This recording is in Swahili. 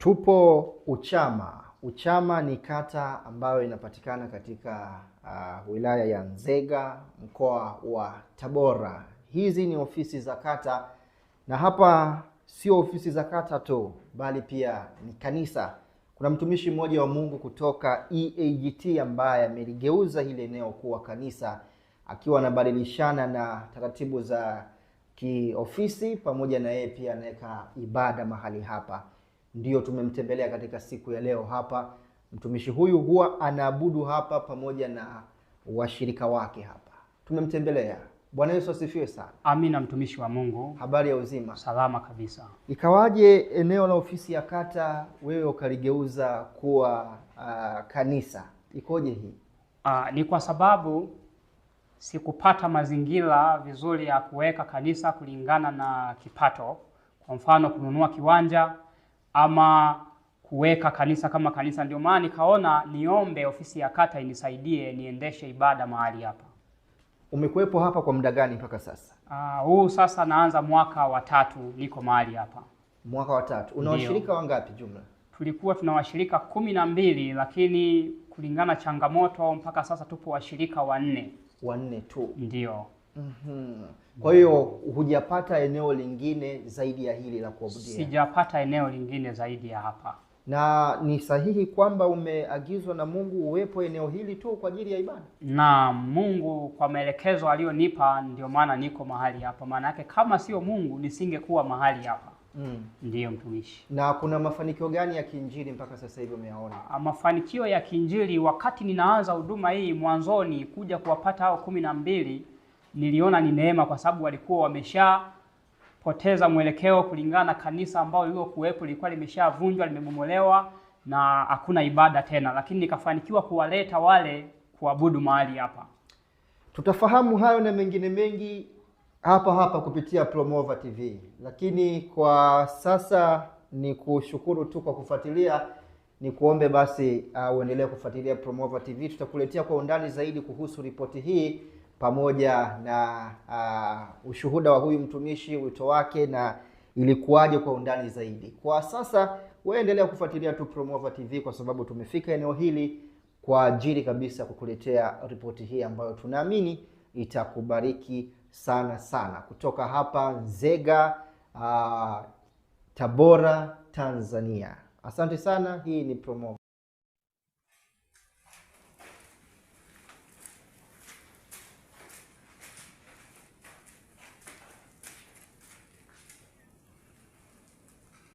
Tupo Uchama. Uchama ni kata ambayo inapatikana katika uh, wilaya ya Nzega mkoa wa Tabora. Hizi ni ofisi za kata, na hapa sio ofisi za kata tu, bali pia ni kanisa. Kuna mtumishi mmoja wa Mungu kutoka EAGT ambaye ameligeuza hili eneo kuwa kanisa, akiwa anabadilishana na taratibu za kiofisi, pamoja na yeye pia anaweka ibada mahali hapa. Ndiyo tumemtembelea katika siku ya leo hapa. Mtumishi huyu huwa anaabudu hapa pamoja na washirika wake hapa, tumemtembelea. Bwana Yesu asifiwe sana. Amina. Mtumishi wa Mungu, habari ya uzima? Salama kabisa. Ikawaje eneo la ofisi ya kata wewe ukaligeuza kuwa uh, kanisa, ikoje hii? Uh, ni kwa sababu sikupata mazingira vizuri ya kuweka kanisa kulingana na kipato. Kwa mfano kununua kiwanja ama kuweka kanisa kama kanisa. Ndio maana nikaona niombe ofisi ya kata inisaidie niendeshe ibada mahali hapa. Umekuwepo hapa kwa muda gani mpaka sasa? Ah, huu uh, sasa naanza mwaka wa tatu niko mahali hapa. Mwaka wa tatu. Una washirika wangapi jumla? Tulikuwa tuna washirika kumi na mbili, lakini kulingana changamoto mpaka sasa tupo washirika wanne. Wanne tu? Ndio. Mm -hmm. Kwa hiyo hujapata eneo lingine zaidi ya hili la kuabudia? Sijapata eneo lingine zaidi ya hapa. Na ni sahihi kwamba umeagizwa na Mungu uwepo eneo hili tu kwa ajili ya ibada? Na Mungu kwa maelekezo aliyonipa ndio maana niko mahali hapa. Maana yake kama sio Mungu nisingekuwa mahali hapa. Mm. Ndiyo mtumishi. Na kuna mafanikio gani ya kiinjili mpaka sasa hivi umeyaona? Mafanikio ya kiinjili, wakati ninaanza huduma hii mwanzoni, kuja kuwapata hao kumi na mbili niliona ni neema, kwa sababu walikuwa wameshapoteza mwelekeo kulingana na kanisa ambao kuwepo lilikuwa limeshavunjwa, limebomolewa na hakuna ibada tena, lakini nikafanikiwa kuwaleta wale kuabudu mahali hapa. Tutafahamu hayo na mengine mengi hapa hapa kupitia Promova TV, lakini kwa sasa ni kushukuru tu kwa kufuatilia. Ni kuombe basi uh, uendelee uh, kufuatilia Promova TV. Tutakuletea kwa undani zaidi kuhusu ripoti hii pamoja na uh, ushuhuda wa huyu mtumishi, wito wake na ilikuwaje kwa undani zaidi. Kwa sasa waendelea kufuatilia tu Promover TV kwa sababu tumefika eneo hili kwa ajili kabisa kukuletea ripoti hii ambayo tunaamini itakubariki sana sana, kutoka hapa Nzega, uh, Tabora, Tanzania. Asante sana, hii ni Promover.